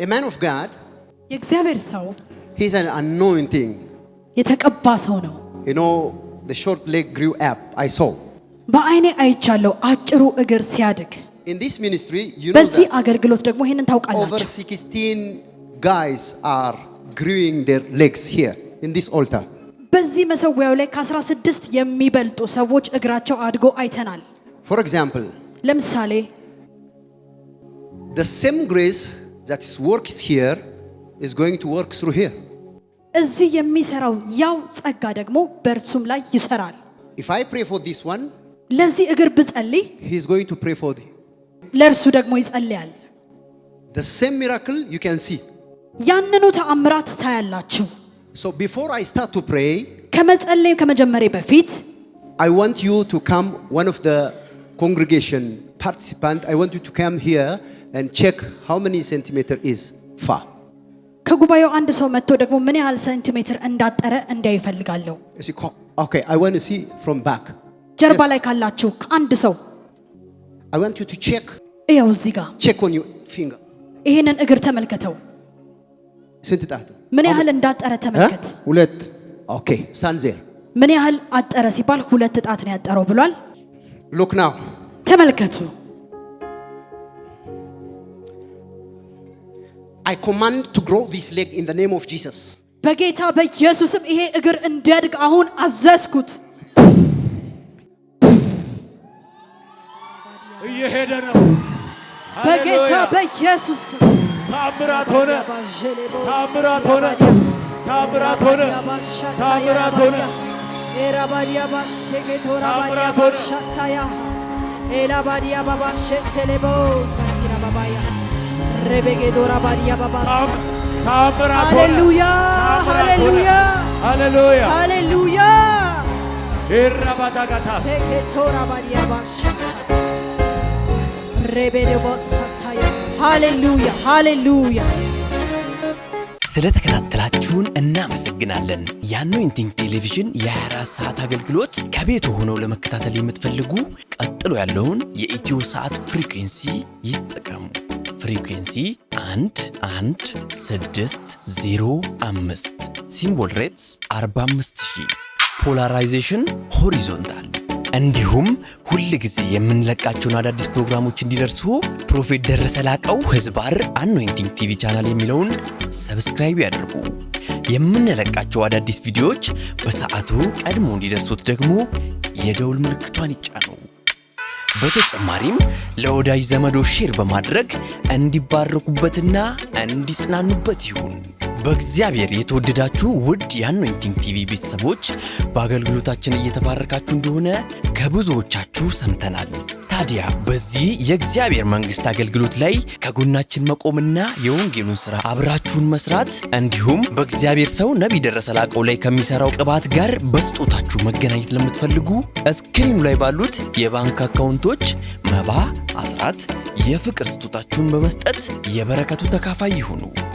A man of God የእግዚአብሔር ሰው he is an anointing የተቀባ ሰው ነው። You know the short leg grew up I saw በአይኔ አይቻለሁ አጭሩ እግር ሲያድግ። In this ministry you know በዚህ አገልግሎት ደግሞ ይሄንን ታውቃላችሁ። Over 16 guys are growing their legs here in this altar በዚህ መሰዊያው ላይ ከ16 የሚበልጡ ሰዎች እግራቸው አድጎ አይተናል። For example ለምሳሌ the same grace that works here is going to work through here. እዚህ የሚሰራው ያው ጸጋ ደግሞ በእርሱም ላይ ይሰራል። If I pray for this one, ለዚህ እግር ብጸልይ he is going to pray for thee. ለእርሱ ደግሞ ይጸልያል። The same miracle you can see. ያንኑ ተአምራት ታያላችሁ። So before I start to pray, ከመጸለይ በፊት I want you to come one of the congregation participant. I want you to come here ከጉባኤው አንድ ሰው መጥቶ ደግሞ ምን ያህል ሴንቲሜትር እንዳጠረ እንዲያ ይፈልጋለሁ። ጀርባ ላይ ካላችሁ ከአንድ ሰው ያው እዚህ ጋር ይህንን እግር ተመልከተው፣ ምን ያህል እንዳጠረ ተመልከት። ምን ያህል አጠረ ሲባል ሁለት ጣት ነው ያጠረው ብሏል። ተመልከቱ አይ ኮማንድ to grow this ሌግ in the name ኦፍ Jesus. በጌታ በኢየሱስም ይሄ እግር እንዲያድግ አሁን አዘዝኩት። እየሄደ ነው። በጌታ በኢየሱስ ታምራት ሆነ፣ ታምራት ሆነ፣ ታምራት ሆነ፣ ታምራት ሆነ፣ ባባሸ ቴሌቦ ባባያ ረበጌዶራ ባባስ ታምራት ሃሌሉያ ሃሌሉያ ሃሌሉያ ሃሌሉያ ሴኬቶራ ባሽ ሃሌሉያ ሃሌሉያ ስለተከታተላችሁን እናመሰግናለን። የአኖይንቲንግ ቴሌቪዥን የ24 ሰዓት አገልግሎት ከቤቱ ሆነው ለመከታተል የምትፈልጉ ቀጥሎ ያለውን የኢትዮ ሰዓት ፍሪኩንሲ ይጠቀሙ። ፍሪኩንሲ 1 1 6 05 ሲምቦል ሬትስ 45000 ፖላራይዜሽን ሆሪዞንታል። እንዲሁም ሁል ጊዜ የምንለቃቸውን አዳዲስ ፕሮግራሞች እንዲደርሱ ፕሮፌት ደረሰ ላቀው ህዝባር አኖይንቲንግ ቲቪ ቻናል የሚለውን ሰብስክራይብ ያድርጉ። የምንለቃቸው አዳዲስ ቪዲዮዎች በሰዓቱ ቀድሞ እንዲደርሱት ደግሞ የደውል ምልክቷን ይጫኑ። በተጨማሪም ለወዳጅ ዘመዶ ሼር በማድረግ እንዲባረኩበትና እንዲጽናኑበት ይሁን። በእግዚአብሔር የተወደዳችሁ ውድ የአኖይንቲንግ ቲቪ ቤተሰቦች በአገልግሎታችን እየተባረካችሁ እንደሆነ ከብዙዎቻችሁ ሰምተናል። ታዲያ በዚህ የእግዚአብሔር መንግስት አገልግሎት ላይ ከጎናችን መቆምና የወንጌሉን ስራ አብራችሁን መስራት እንዲሁም በእግዚአብሔር ሰው ነቢይ ደረሰ ላቀው ላይ ከሚሰራው ቅባት ጋር በስጦታችሁ መገናኘት ለምትፈልጉ እስክሪኑ ላይ ባሉት የባንክ አካውንቶች መባ፣ አስራት፣ የፍቅር ስጦታችሁን በመስጠት የበረከቱ ተካፋይ ይሁኑ።